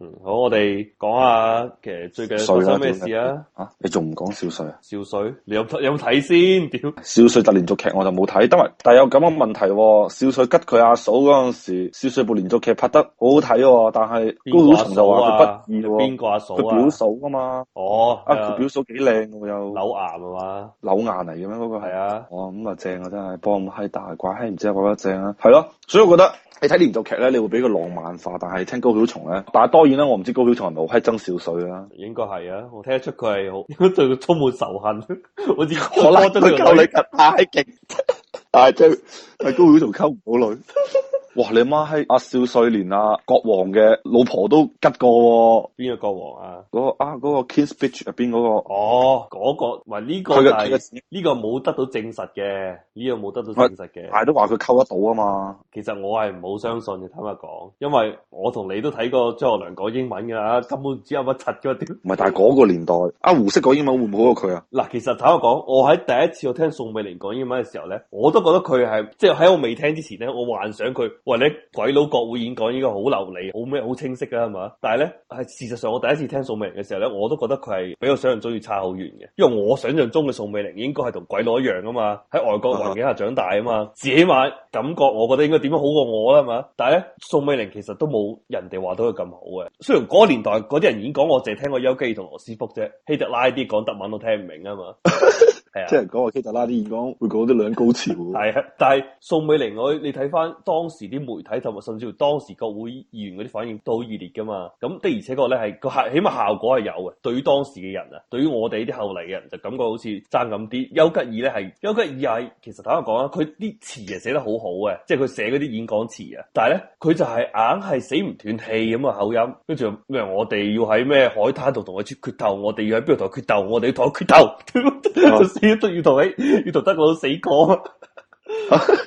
嗯、好，我哋講下其實最近發生咩事啊？吓、啊，你仲唔講少帥啊？少帥，你有有冇睇先？屌，少帥特連續劇我就冇睇，但係但係有咁嘅問題，少帥吉佢阿嫂嗰陣時，少帥部連續劇拍得好好睇，但係高曉松就話佢不義，邊個阿嫂佢表嫂㗎嘛？哦，啊佢表嫂幾靚嘅有柳岩係嘛？柳岩嚟嘅咩？嗰、那個係啊？哦，咁啊正啊真係，幫唔係大掛，係唔知係我覺得正啊，係咯，所以我覺得你睇連續劇咧，你會俾佢浪漫化，但係聽高曉松咧，但係多。我唔知道高曉松係咪好閪憎少帥啦，應該係啊，我聽得出佢係好應該對佢充滿仇恨，好似攞咗佢溝女，女太勁，但係真係高曉松溝唔到女。哇！你媽喺阿少帥年啊，國王嘅老婆都吉過邊、哦、個國王啊？嗰個啊嗰 King's Speech 入邊嗰個哦嗰個，唔係呢個呢個冇、哦那個這個就是這個、得到證實嘅，呢、這個冇得到證實嘅，但係都話佢溝得到啊嘛。其實我係唔好相信嘅，坦白講，因為我同你都睇過張學良講英文㗎啦，根本只有乜柒嗰啲。唔係， 但係嗰個年代阿、啊、胡適講英文會唔會好過佢啊？嗱，其實坦白講，我喺第一次我聽宋美齡講英文嘅時候咧，我都覺得佢係即係喺我未聽之前咧，我幻想佢。喂，你鬼佬國，國會演講應該好流利，好咩，好清晰噶，係嘛？但係咧，係事實上，我第一次聽宋美齡嘅時候咧，我都覺得佢係比我想象中要差好遠嘅，因為我想象中嘅宋美齡應該係同鬼佬一樣噶嘛，喺外國環境下長大啊嘛，至起碼感覺，我覺得應該點樣好過我啦，係嘛？但係咧，宋美齡其實都冇人哋話到佢咁好嘅，雖然嗰年代嗰啲人演講，我淨係聽過丘吉爾同羅斯福啫，希特拉啲講德文都聽唔明啊嘛。係啊，即係講話希特拉啲演講會講啲兩高潮。係啊，但係宋美齡我，你睇翻當時啲媒體同埋甚至乎當時國會議員嗰啲反應都好熱烈噶嘛。咁的而且確咧係個起碼效果係有嘅。對於當時嘅人啊，對於我哋啲後嚟嘅人就感覺好似爭咁啲。丘吉爾咧係丘吉爾係其實坦白講啦，佢啲詞啊寫得好好嘅，即係佢寫嗰啲演講詞啊。但係咧佢就係硬係死唔斷氣咁嘅口音，跟住咩我哋要喺咩海灘度同佢決決鬥，我哋要喺邊度同佢決鬥，我哋要同佢決鬥。啲都要同你，要同德佬死講，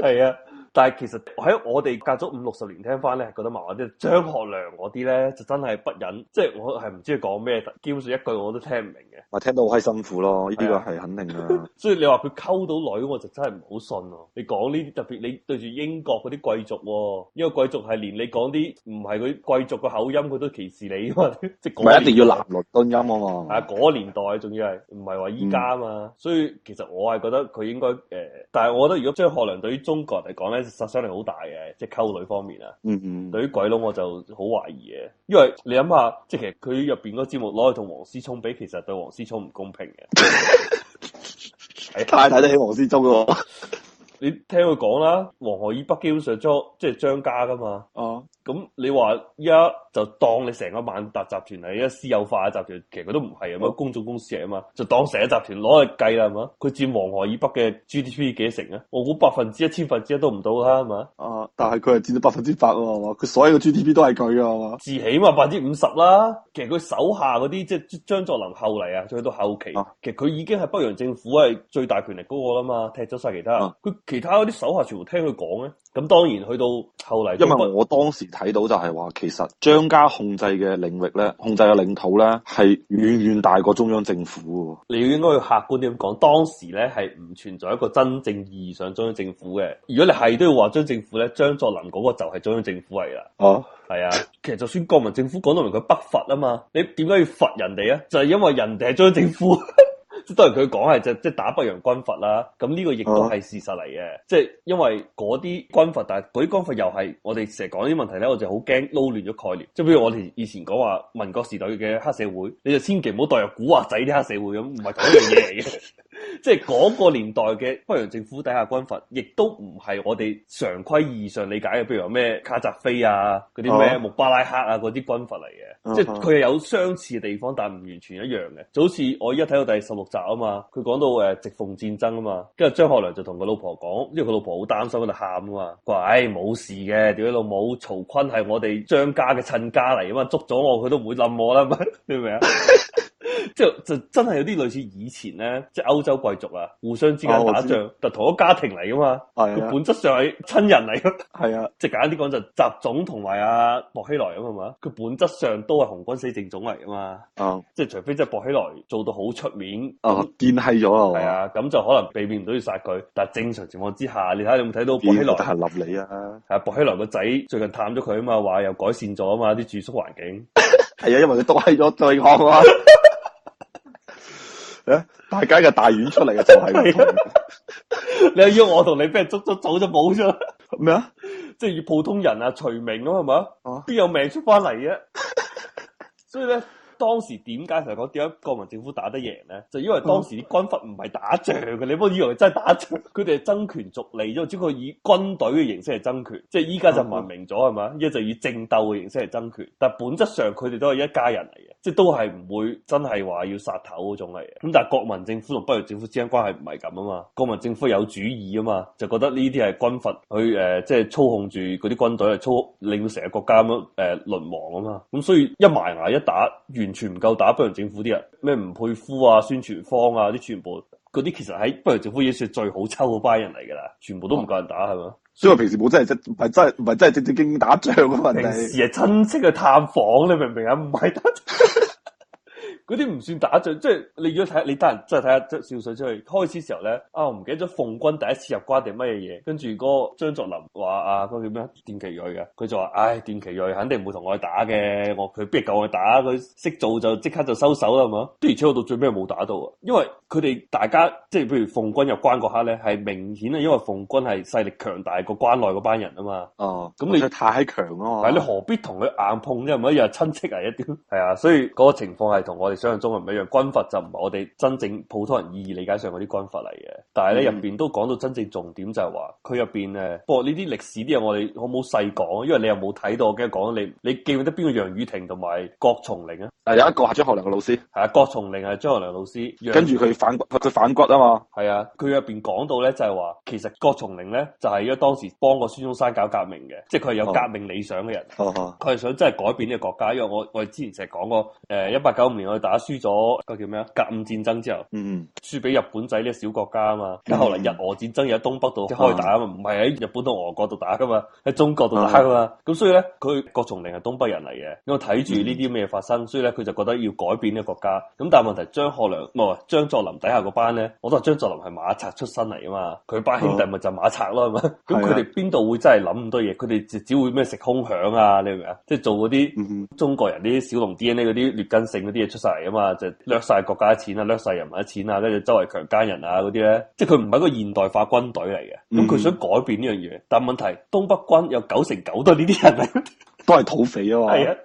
係啊！但係其實喺我哋隔咗五六十年聽呢，聽翻咧覺得麻麻啲。張學良嗰啲咧就真係不忍，即係我係唔知佢講咩，基本上一句我都聽唔明嘅。我聽到好閪辛苦咯，呢啲個係肯定嘅。啊、 所以你話佢溝到女，我就真係唔好信咯。你講呢啲特別，你對住英國嗰啲貴族喎、哦，因為貴族係連你講啲唔係佢貴族嘅口音，佢都歧視你啊嘛。咪 一定要南倫敦音啊、那個、嘛。係啊，嗰年代仲要係唔係話依家啊嘛。所以其實我係覺得佢應該誒、呃，但係我覺得如果張學良對於中國人嚟講咧。殺傷力好大嘅，即係溝女方面啊。嗯嗯，對於鬼佬我就好懷疑嘅，因為你諗下，即係其實佢入邊嗰節目攞去同黃思聰比，其實對黃思聰唔公平嘅。 太睇得起黃思聰咯。 你聽佢講啦，黃河以北基本上張即係張家噶嘛。哦、啊，咁你話依家就當你成個萬達集團係一私有化嘅集團，其實佢都唔係啊嘛，啊公眾公司嚟啊嘛，就當成個集團攞嚟計啦，係嘛？佢佔黃河以北嘅 GDP 幾多成啊？我估百分之一千分之一都唔到啦，係嘛？啊，但係佢係佔咗百分之百、啊、嘛。佢所有嘅 GDP 都係佢㗎，嘛？至少起碼百分之五十啦。其實佢手下嗰啲即係張作霖後嚟啊，再到後期，啊、其實佢已經係北洋政府係最大權力嗰個啦嘛，踢咗晒其他，啊佢其他嗰啲手下全部聽佢講咧，咁當然去到後嚟，因為我當時睇到就係話，其實張家控制嘅領域咧，控制嘅領土咧，係遠遠大過中央政府。你要應該要客觀啲咁講，當時咧係唔存在一個真正意義上中央政府嘅。如果你係都要話張政府咧，張作霖嗰個就係中央政府嚟啦。哦，係啊，其實就算國民政府講到明佢北伐啊嘛，你點解要伐人哋啊？就係、是、因為人哋係中央政府。 即係當然佢講係即即係打北洋軍閥啦，咁呢個亦都係事實嚟嘅。即、啊、係、即係、因為嗰啲軍閥，但係嗰啲軍閥又係我哋成日講呢啲問題咧，我就好驚撈亂咗概念。即係比如我哋以前講話民國時代嘅黑社會，你就千祈唔好代入古惑仔啲黑社會咁，唔係同一樣嘢嚟嘅。 即係嗰個年代嘅北洋政府底下軍閥，亦都唔係我哋常規意義上理解嘅，譬如話咩卡扎菲啊，嗰啲咩穆巴拉克啊，嗰啲軍閥嚟嘅。Uh -huh. 即係佢又有相似嘅地方，但係唔完全一樣嘅。就好似我依家睇到第十六集啊嘛，佢講到誒、呃、直奉戰爭啊嘛，跟住張學良就同佢老婆講，因為佢老婆好擔心，佢就喊啊嘛，怪，冇、哎、事嘅，屌你老母，曹錕係我哋張家嘅親家嚟，咁嘛，捉咗我，佢都唔會冧我啦，明唔明啊？即係就真係有啲類似以前咧，即係歐洲貴族啊，互相之間打仗，啊，但同一個家庭嚟噶嘛，佢本質上係親人嚟㗎，係啊，即係簡單啲講就習總同埋阿薄熙來咁係嘛，佢本質上都係紅軍死剩種嚟噶嘛，即係除非即係薄熙來做到好出面哦癲閪咗啊，係、嗯、啊，咁就可能避免唔到要殺佢。但係正常情況之下，你睇下你有冇睇到薄熙來係立你啊？啊，薄熙來個仔最近探咗佢啊嘛，話又改善咗啊嘛，啲住宿環境係啊， 因為佢都係咗對抗啊。 大家嘅大院出嚟嘅就係你 是、啊， 你要我同你俾人捉咗走咗，冇咗咩啊？即係以普通人啊，除名咯，係咪？哦、啊，邊有命出翻嚟啊？ 所以咧。當時點解成日講點解國民政府打得贏咧？就因為當時啲軍閥唔係打仗嘅， 你唔好以為真係打仗，佢哋係爭權逐利啫，只佢以軍隊嘅形式係爭權。即係依家就文明咗係嘛，一就以政鬥嘅形式係爭權。但係本質上佢哋都係一家人嚟嘅，即係都係唔會真係話要殺頭嗰種嚟嘅。咁但係國民政府同北洋政府之間關係唔係咁啊嘛，國民政府有主意啊嘛，就覺得呢啲係軍閥去誒、呃，即係操控住嗰啲軍隊，係操令到成個國家咁誒、呃、淪亡啊嘛。咁所以一埋牙一打完。完全唔夠打，北洋政府啲人咩吳佩孚啊、孫傳芳啊，啲全部嗰啲其實喺北洋政府已經算最好抽嗰班人嚟噶啦，全部都唔夠人打係嘛、啊，所以我平時冇真係真係真係唔係真係正正經經打仗啊嘛，平時係親戚去探訪，你明唔明啊？唔係得。 嗰啲唔算打仗，即係你要睇你單，真係睇一隻笑水出去。開始時候咧，啊、哦，我唔記得咗馮軍第一次入關定乜嘢嘢。跟住個張作霖話啊，個叫咩鍾其瑞嘅，佢就話：唉、哎，鍾其瑞肯定唔冇同我打嘅，我佢邊夠我打，佢識做就即刻就收手啦，係咪？都而且我到最尾冇打到啊，因為佢哋大家即係譬如馮軍入關嗰刻咧，係明顯啊，因為馮軍係勢力強大，個關內嗰班人啊嘛。哦，咁你就太強咯，係你何必同佢硬碰啫？係咪又親戚嚟一啲？係 啊，所以嗰個情況係同我哋。想象中唔係一樣，軍閥就唔係我哋真正普通人意義理解上嗰啲軍閥嚟嘅，但係咧入邊都講到真正重點就，就係話佢入邊咧，不過呢啲歷史啲嘢我哋好冇細講，因為你又冇睇到，我而家講你，你記唔得邊個楊雨婷同埋郭松齡啊？誒，有一個係張學良嘅老師，係啊，郭松齡係張學良老師，跟住佢反骨，佢反骨啊嘛，係啊，佢入邊講到咧就係話，其實郭松齡咧就係因為當時幫過孫中山搞革命嘅，即係佢係有革命理想嘅人，佢、哦、係想真係改變呢個國家。因為我我哋之前成日講過，誒、呃，一八九五年我哋打輸咗個叫咩啊，甲午戰爭之後，嗯，輸俾日本仔呢個小國家啊嘛，咁後來日俄戰爭又喺東北度開打啊、嗯、嘛，唔係喺日本同俄國度打噶嘛，喺中國度打噶嘛，咁、嗯、所以咧，佢郭松齡係東北人嚟嘅，因為我睇住呢啲咩發生，嗯、所以咧。佢就覺得要改變呢個國家，咁但係問題張學良唔係張作霖底下個班咧，我都話張作霖係馬賊出身嚟啊嘛，佢班兄弟咪就馬賊咯咁，咁佢哋邊度會真係諗咁多嘢？佢哋就只會咩食空餉啊？你明唔明啊？即、就、係、是、做嗰啲中國人啲小農 DNA 嗰啲劣根性嗰啲嘢出晒嚟啊嘛，就是、掠晒國家錢啊，掠晒人民錢啊，跟住周圍強奸人啊嗰啲咧，即係佢唔係一個現代化軍隊嚟嘅，咁、嗯、佢想改變呢樣嘢，但係問題東北軍有九成九都係呢啲人。嚟。都係土匪啊嘛，係啊，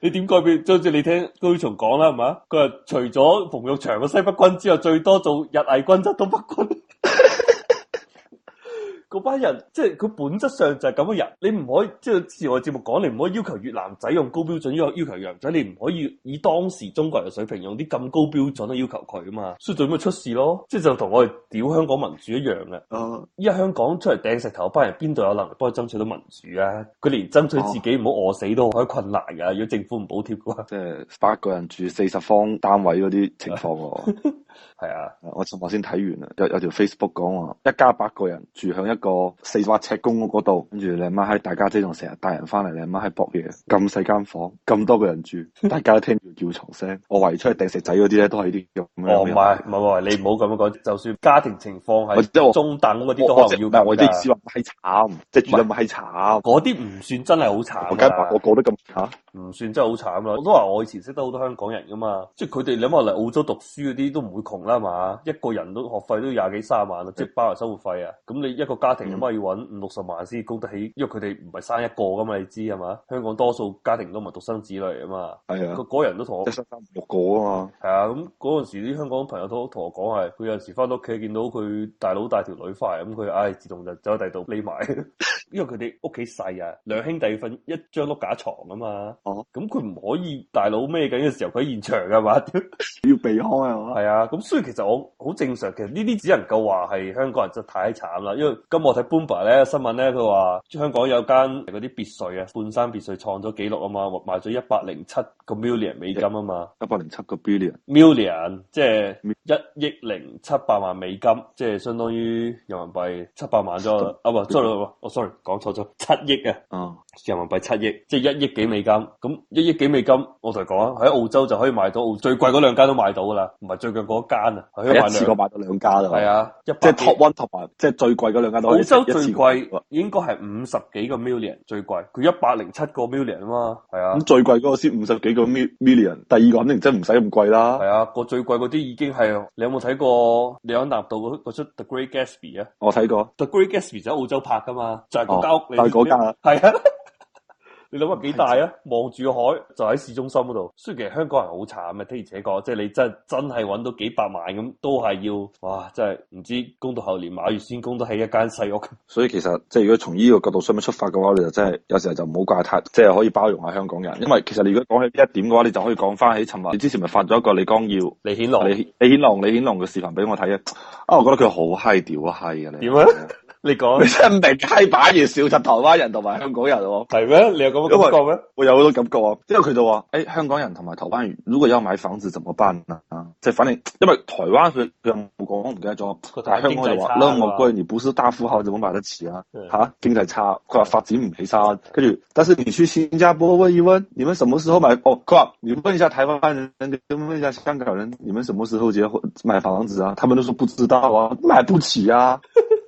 你點改變？將住你聽高翔講啦，係嘛？佢話除咗馮玉祥嘅西北軍之外，最多做日偽軍就得東北軍？嗰班人即係佢本質上就係咁嘅人，你唔可以即係自我節目講，你唔可以要求越南仔用高標準，要求越南仔，你唔可以以當時中國人水平用啲咁高標準去要求佢啊嘛，所以做咩出事咯，即係就同我哋屌香港民主一樣嘅。嗯、啊，依家香港出嚟掟石頭班人邊度有能力幫佢爭取到民主啊？佢連爭取自己唔好餓死都好困難㗎、啊，如果政府唔補貼嘅、啊、話，即係八個人住四十方單位嗰啲情況喎、啊。 係啊，我尋日先睇完啊。有有條 Facebook 講話，一家八個人住響一個四百尺公屋嗰度，跟住你阿媽喺大家姐仲成日帶人翻嚟，你阿媽喺博嘢。咁細間房咁多個人住，大家都聽住叫床聲， 我圍出去掟石仔嗰啲咧都係啲咁。哦，唔係唔係，你唔好咁樣講，就算家庭情況係中等嗰啲都可能要嘅。唔係我啲意思話係慘，即係唔係係慘，嗰啲唔算真係好慘。我而家我過得咁吓，唔、啊、算真係好慘啦。我都話我以前識得好多香港人噶嘛，即係佢哋諗下嚟澳洲讀書嗰啲都唔。窮啦嘛，一個人都學費都要廿幾卅萬啦，即係包埋生活費啊。咁你一個家庭點解要搵五六十萬先供得起？嗯、因為佢哋唔係生一個噶嘛，你知係嘛？香港多數家庭都唔係獨生子女啊嘛。係啊，個、個個人都同我，一生生唔六個啊嘛。係啊，咁嗰陣時啲香港朋友都同我講係，佢有陣時翻到屋企見到佢大佬帶條女翻嚟，咁佢唉自動就走喺第度匿埋。 因為佢哋屋企細啊，兩兄弟瞓一張碌架床啊嘛。哦，咁佢唔可以大佬孭緊嘅時候佢喺現場噶嘛，要避開係嘛。係啊。咁所以其實我好正常，嘅，呢啲只能夠話係香港人真係太慘啦。因為今日我睇《b u m b e r g 咧新聞咧，佢話香港有間嗰啲別墅啊，半山別墅創咗紀錄啊嘛，賣咗一百零七個 million 美金啊嘛，一百零七個 million，million 即係一億零七百萬美金，即、就、係、是、相當於人民幣七百萬咗啦。啊，唔錯路喎，哦 sorry 講錯咗，七億啊，嗯、啊，人民幣七億，即係一億幾美金。咁一億幾美金，我同你講啊，喺澳洲就可以買到，最貴嗰兩間都買到噶啦，唔係最近間啊，係一次過買咗兩間啦，係啊，即係 top one top 即係最貴嗰兩間都，澳洲最貴應該係五十幾個 million 最貴，佢一百零七個 million 啊嘛，係啊，咁最貴嗰個先五十幾個 million，第二個肯定真係唔使咁貴啦，係啊，個最貴嗰啲已經係，你有冇睇過你有李安納度嗰出《The Great Gatsby》啊？我睇過，《The Great Gatsby》我看過 Great Gatsby 就喺澳洲拍噶嘛，就係嗰間屋，就係嗰間，係啊。 你諗下幾大啊？望住海就喺市中心嗰度。雖然其實香港人好慘嘅，聽完呢個，即係你真真係揾到幾百萬咁，都係要哇！真係唔知供到後年，馬月先供得起一間細屋。所以其實即係如果從呢個角度上面出發嘅話，你就真係有時候就唔好怪太，即係可以包容下香港人。因為其實你如果講起呢一點嘅話，你就可以講翻起尋日你之前咪發咗一個李光耀、李顯龍、李李顯龍、李顯龍嘅視頻俾我睇啊。啊，我覺得佢好嗨屌啊，嗨！點啊？你講，你真係唔明街版要笑柒台灣人同埋香港人喎，係咩？你有咁嘅感覺咩？我有好多感覺啊，之後佢就話：，誒、哎，香港人同埋台灣如果要買房子怎麼辦呢？即係反正，因為台灣佢唔講，唔記得咗，但係香港就話：，那麼貴，你不是大富豪，怎麼買得起啊？吓、嗯啊，經濟差，佢話發展唔起差，跟住，但是你去新加坡問一問，你們什麼時候買？哦，佢話你問一下台灣人，你問一下香港人，你們什麼時候結婚買房子啊？他們都說不知道啊，買不起啊。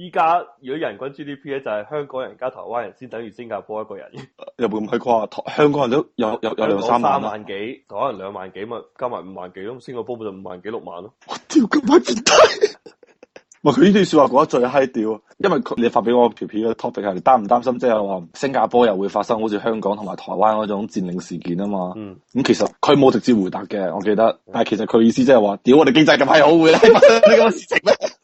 依家如果人均 G D P 咧，就係香港人加台灣人先等於新加坡一個人。有冇咁奇怪？香港人都有有有兩三萬三萬幾，台灣人兩萬幾，嘛加埋五萬幾咁，新加坡就五萬幾六萬咯。我屌咁鬼變態咪佢呢段說話講得最嗨屌，因為佢你發俾我條片嘅 topic 係你擔唔擔心，即係話新加坡又會發生好似香港同埋台灣嗰種佔領事件啊嘛。咁、嗯、其實佢冇直接回答嘅，我記得。但係其實佢意思即係話，屌我哋經濟咁係好，會呢個事情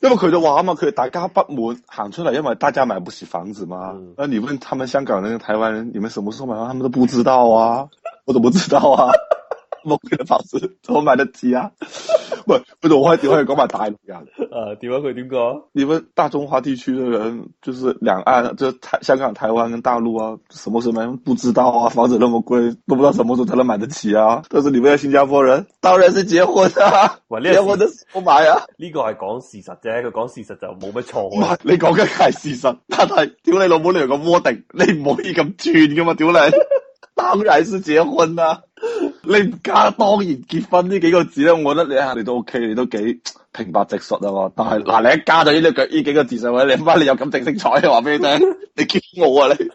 要麼可以的話嘛，可以大家不我喊出來；要麼大家買不起房子嘛。那、嗯、你問他們香港人、台灣人，你們什麼時候買房，他們都不知道啊！我怎麼知道啊？ 麼貴的房子，怎麼買得起啊？ 不不如我點可以講買大陸人，啊？誒、啊，點解佢點講？你們大中華地區的人，就是兩岸，就台香港、台灣跟大陸啊，什麼什麼唔不知道啊？房子那麼貴，都不知道什麼時候才能買得起啊？但是你們是新加坡人當然是結婚啊啦。喂，你有冇得買啊？呢、這個係講事實啫，佢講事實就冇乜錯。唔係，你講嘅係事實，但係屌你老母，你用個蝸定，你唔可以咁串噶嘛，屌你！ 當然是自結婚啦！你唔加當然結婚呢幾個字咧，我覺得你下你都 OK，你都幾平白直述啊！但係嗱，你一加咗呢隻腳呢幾個字上位，你唔翻，你有感情色彩話俾你聽，你激我啊你！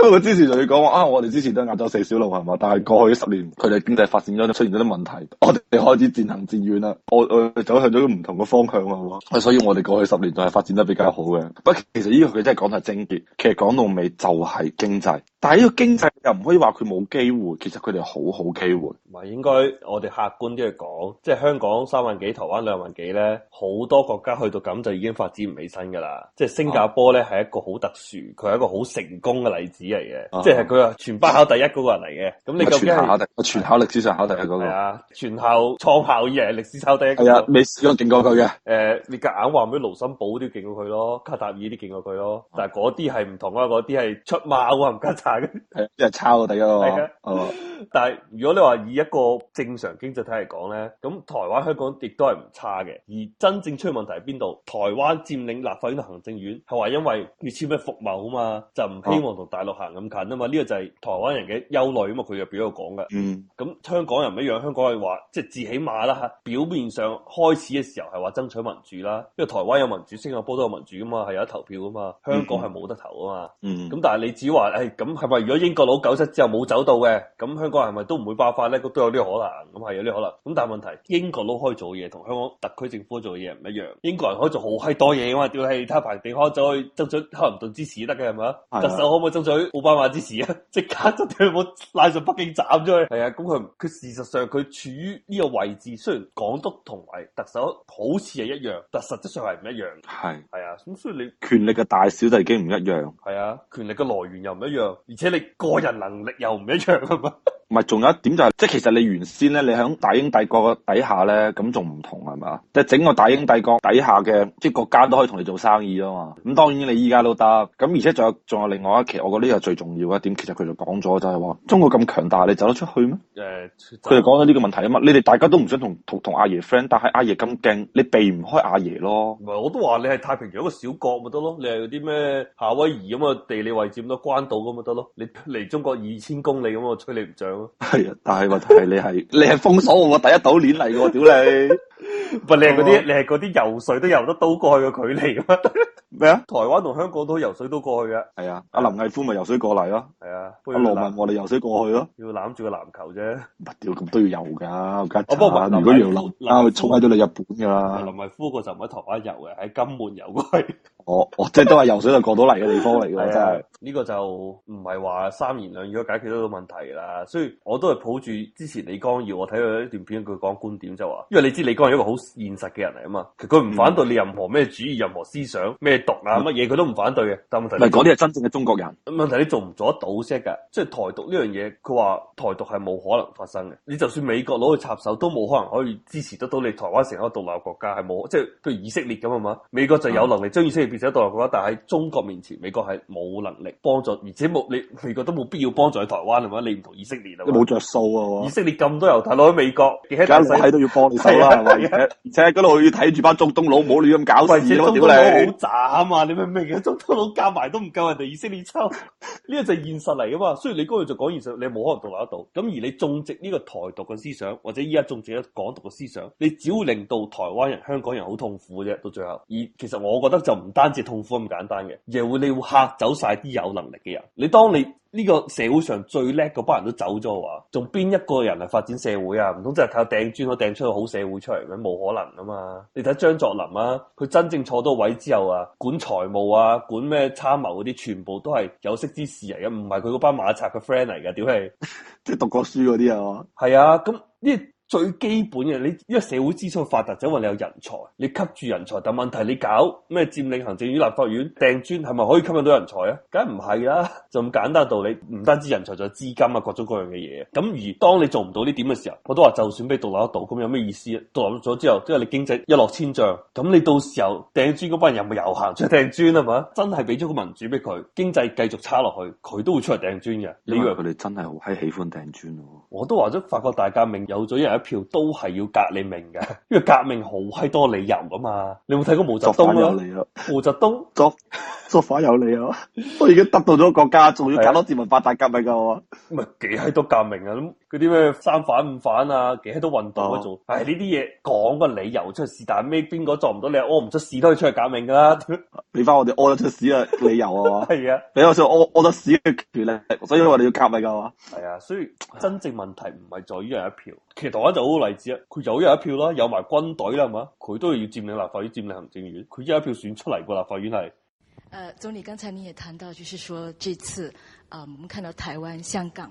因為我之前同你講話啊，我哋之前都係亞洲四小龍係嘛，但係過去十年佢哋經濟發展咗，出現咗啲問題，我哋開始漸行漸遠啦，我我走向咗唔同嘅方向啊！所以，我哋過去十年係發展得比較好嘅。不過其實呢個佢真係講得係症結，其實講到尾就係經濟。但係呢個經濟又唔可以話佢冇機會，其實佢哋好好機會。唔係應該我哋客觀啲去講，即係香港三萬幾，台灣兩萬幾咧，好多國家去到咁就已經發展唔起身噶啦。即係新加坡咧係一個好特殊，佢、啊、係一個好成功嘅例子嚟嘅，啊，即係佢話全班考第一嗰個人嚟嘅。咁，啊、你究竟全考第全考歷史上考第一嗰，嗰個。係啊，全校創校以嚟歷史考第一。係啊，未試過勁過佢嘅。誒，呃，你夾硬話咩？盧森堡都勁過佢咯，卡塔爾都勁過佢咯，但係嗰啲係唔同啊，嗰啲係出貓話唔係，一係差好第一咯，係但係如果你話以一個正常經濟體嚟講咧，咁台灣、香港亦都係唔差嘅。而真正出問題係邊度？台灣佔領立法院、行政院，係話因為要簽咩服貿啊嘛，就唔希望同大陸行咁近啊嘛。呢、哦、個就係台灣人嘅憂慮啊嘛。佢又表咗講噶。嗯。咁香港人唔一樣，香港係話即係自起碼啦吓，表面上開始嘅時候係話爭取民主啦，因為台灣有民主，新加坡都有民主噶嘛，係有得投票噶嘛，香港係冇得投啊嘛。嗯，嗯。咁但係你只話誒咁。哎係咪？如果英國佬九七之後冇走到嘅，咁香港人係咪都唔會爆發咧？都都有啲可能。咁係有啲可能。咁但係問題，英國佬可以做嘅嘢同香港特區政府做嘅嘢唔一樣。英國人可以做好閪多嘢嘅嘛？調喺其他地方再爭取克林頓支持得嘅係咪？特首可唔可以爭取奧巴馬支持啊？即刻就掉我拉上北京斬咗佢。係啊，咁佢佢事實上佢處於呢個位置，雖然港督同埋特首好似係一樣，但實際上係唔一,一樣。係係啊，咁所以你權力嘅大小就已經唔一樣。係啊，權力嘅來源又唔一樣。而且你個人能力又唔一樣啊嘛。唔係，仲有一點就係，即其實你原先咧，你喺大英帝國底下咧，咁仲唔同係嘛？即係整個大英帝國底下嘅即係國家都可以同你做生意啊嘛。咁當然你依家都得。咁而且仲有仲有另外一期，我覺得呢個最重要嘅一點，其實佢就講咗就係話中國咁強大，你走得出去咩？誒，佢就講咗呢個問題啊嘛。你哋大家都唔想同同同阿爺 friend，但係阿爺咁勁，你避唔開阿爺咯？唔係，我都話你係太平洋一個小國咪得咯？你係嗰啲咩夏威夷咁嘅地理位置咁多關島咁咪得咯？你離中國二千公里，咁我吹你唔漲。係 啊，但係問題係你係你係封鎖我第一島鏈嚟嘅，屌 你係那！喂 你係嗰啲，你係嗰啲游水都游得到過去嘅距離咩？ 咩啊？台灣同香港都游水都過去嘅。係啊，阿、啊、林毅夫咪游水過嚟咯。係啊，阿羅、啊啊、文我哋游水過去咯。要攬住個籃球啫。唔屌，咁都要游噶、啊，唔得揸。 如果要撈，梗係衝喺到你日本噶啦、啊。林毅夫個就唔喺台灣游嘅，喺金門游嘅。哦，哦， 我即係都係游水就過到嚟嘅地方嚟嘅、 啊、真係。呢個就唔係話三言兩語解決得到問題啦。所以我都係抱住之前李光耀我睇佢一段片，佢講觀點就話，因為你知李光耀係一個好現實嘅人嚟啊嘛，佢唔反對你任何咩主義、任何思想咩。獨啊乜嘢佢都唔反對嘅，但問題唔係嗰啲係真正嘅中國人。問題你做唔做得到先噶？即係台獨呢樣嘢，佢話台獨係冇可能發生嘅。你就算美國攞去插手，都冇可能可以支持得到你台灣成一個獨立國家，係冇。即係譬如以色列咁啊嘛，美國就有能力將以色列變成一個獨立國家，但喺中國面前，美國係冇能力幫助，而且冇你美國都冇必要幫助喺台灣啊嘛。你唔同以色列冇着數啊。以色列咁多猶太佬喺美國，梗係睇都要幫手啦，而且嗰度要睇住班中東佬唔好亂咁搞事咯，啊嘛，你明唔明啊？中東佬夾埋都唔夠人哋以色列抽，呢個就現實嚟㗎嘛。所以你剛佢就講現實，你冇可能度量得到。咁而你種植呢個台獨嘅思想，或者依家種植一港獨嘅思想，你只會令到台灣人、香港人好痛苦啫。到最後，而其實我覺得就唔單止痛苦咁簡單嘅，而會你會嚇走曬啲有能力嘅人。你當你呢、這個社會上最叻嗰班人都走咗喎，仲邊一個人係發展社會啊？唔通真係靠掟磚可掟出個好社會出嚟咩？冇可能啊嘛！你睇張作霖啊，佢真正坐到位之後啊，管財務啊，管咩參謀嗰啲，全部都係有識之士嚟嘅，唔係佢嗰班馬賊嘅 friend 嚟嘅，屌氣！即係讀過書嗰啲啊嘛。係啊，咁呢？這最基本嘅，你因為社會資產發達，就話你有人才，你吸住人才，但問題你搞咩佔領行政院、立法院、掟磚，係咪可以吸引到人才啊？梗係唔係啦，就咁簡單道理。唔單止人才，仲有資金啊，各種各樣嘅嘢。咁而當你做唔到呢點嘅時候，我都話就算俾獨立得到，咁有咩意思啊？獨立咗之後，即係你經濟一落千丈，咁你到時候掟磚嗰班人咪又行出嚟掟磚啊嘛？真係俾咗個民主俾佢，經濟繼續差落去，佢都會出嚟掟磚嘅。你以為佢哋真係好閪喜歡掟磚啊？我都話咗，法國大革命有咗人。票都係要革命嘅，因為革命好閪多理由噶嘛。你有冇睇過毛澤東啊？毛澤東造造反有理啊！我 已經得到咗國家，仲要搞多次文化大革命噶我。咪幾閪多革命啊？嗰啲咩三反五反啊，幾多運動都做，唉呢啲嘢講個理由、啊、出去是但，咩邊個做唔到你屙唔出屎都可以出去革命噶啦，俾翻我哋屙得出屎嘅理由啊嘛，係 啊，俾我想屙屙得屎嘅權力，所以我哋要革咪噶嘛，係啊,啊，所以真正問題唔係在一人一票， 其實台灣就好例子啊，佢有一人一票啦，有埋軍隊啦，係嘛，佢都要佔領立法院、佔領行政院，佢呢一票選出嚟個立法院係，誒，總理剛才你也談到，就是說這次啊，我、呃、們看到台灣、香港。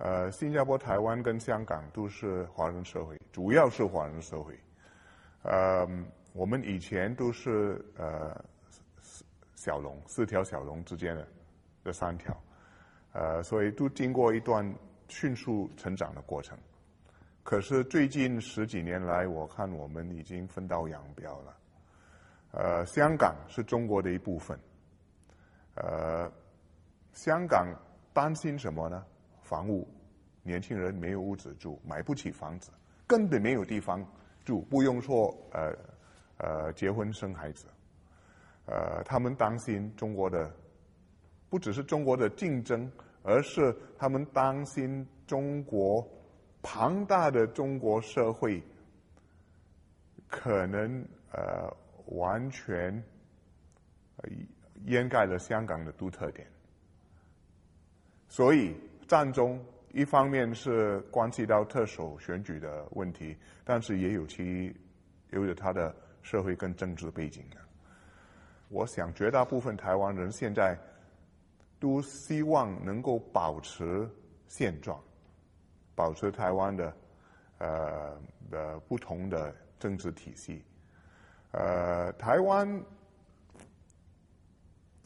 呃，新加坡、台灣跟香港都是華人社會，主要是華人社會。呃，我們以前都是呃四小龍，四條小龍之間的這三條，呃，所以都經過一段迅速成長的過程。可是最近十幾年來，我看我們已經分道揚鑣了。呃，香港是中國的一部分。呃，香港擔心什麼呢？房屋，年輕人沒有屋子住，買不起房子，根本沒有地方住。不用說，呃，呃，結婚生孩子，呃，他們擔心中國的，不只是中國的競爭，而是他們擔心中國龐大的中國社會，可能呃完全掩蓋了香港的獨特點，所以。戰中，一方面是關係到特首選舉的問題，但是也有其有着他的社會跟政治背景的。我想，絕大部分台灣人現在都希望能夠保持現狀，保持台灣的呃的不同的政治體系。呃，台灣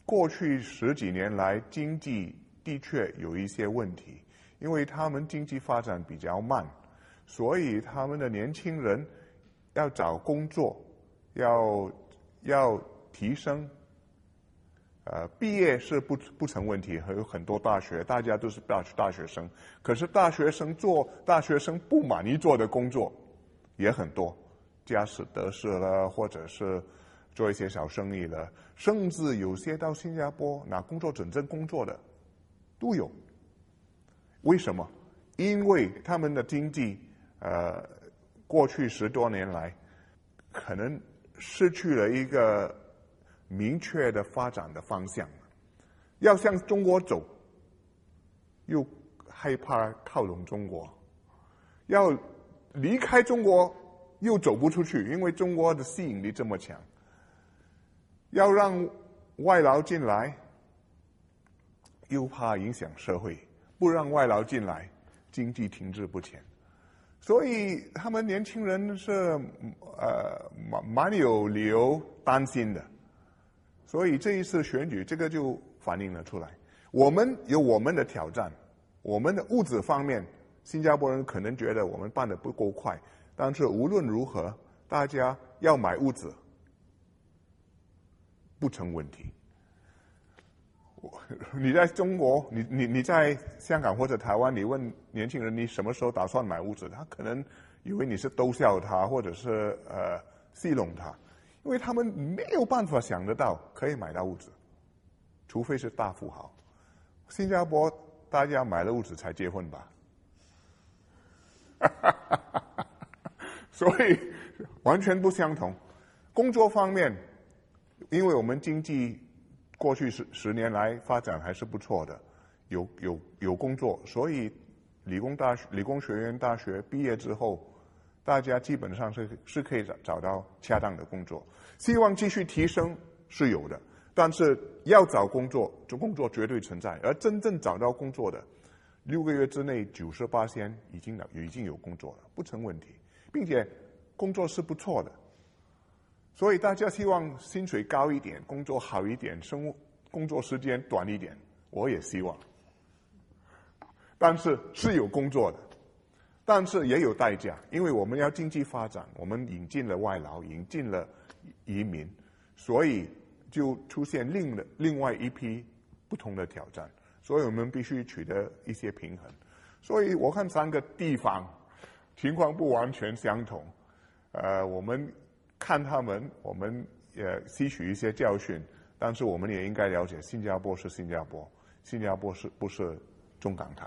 過去十幾年來經濟。的確有一些問題，因為他們經濟發展比較慢，所以他們的年輕人要找工作，要要提升。呃，畢業是不不成問題，還有很多大學，大家都是大學大學生。可是大學生做大學生不滿意做的工作也很多，揸德士了，或者是做一些小生意了，甚至有些到新加坡拿工作准證工作的。都有，為什麼？因為他們的經濟，呃，過去十多年來，可能失去了一個明確的發展的方向。要向中國走，又害怕靠攏中國；要離開中國，又走不出去，因為中國的吸引力這麼強。要讓外勞進來。又怕影響社會，不讓外勞進來，經濟停滯不前，所以他們年輕人是呃蠻蠻有理由擔心的。所以這一次選舉，這個就反映了出來。我們有我們的挑戰，我們的屋子方面，新加坡人可能覺得我們辦的不夠快，但是無論如何，大家要買屋子，不成問題。你在中國，你你你在香港或者台灣，你問年輕人你什麼時候打算買屋子，他可能以為你是逗笑他，或者是呃戲弄他，因為他們沒有辦法想得到可以買到屋子，除非是大富豪。新加坡大家買了屋子才結婚吧？哈哈哈哈哈！所以完全不相同。工作方面，因為我們經濟。過去十十年來發展還是不錯的，有有有工作，所以理工大學、理工學院大學畢業之後，大家基本上是是可以找找到恰當的工作。希望繼續提升是有的，但是要找工作，找工作絕對存在。而真正找到工作的，六個月之內九十八天已經有已經有工作了，不成問題，並且工作是不錯的。所以大家希望薪水高一點，工作好一點，生活工作時間短一點。我也希望，但是是有工作的，但是也有代價，因為我們要經濟發展，我們引進了外勞，引進了移民，所以就出現另另外一批不同的挑戰。所以我們必須取得一些平衡。所以我看三個地方情況不完全相同，呃，我們。看他們，我們也吸取一些教訓，但是我們也應該了解，新加坡是新加坡，新加坡是不是中港台？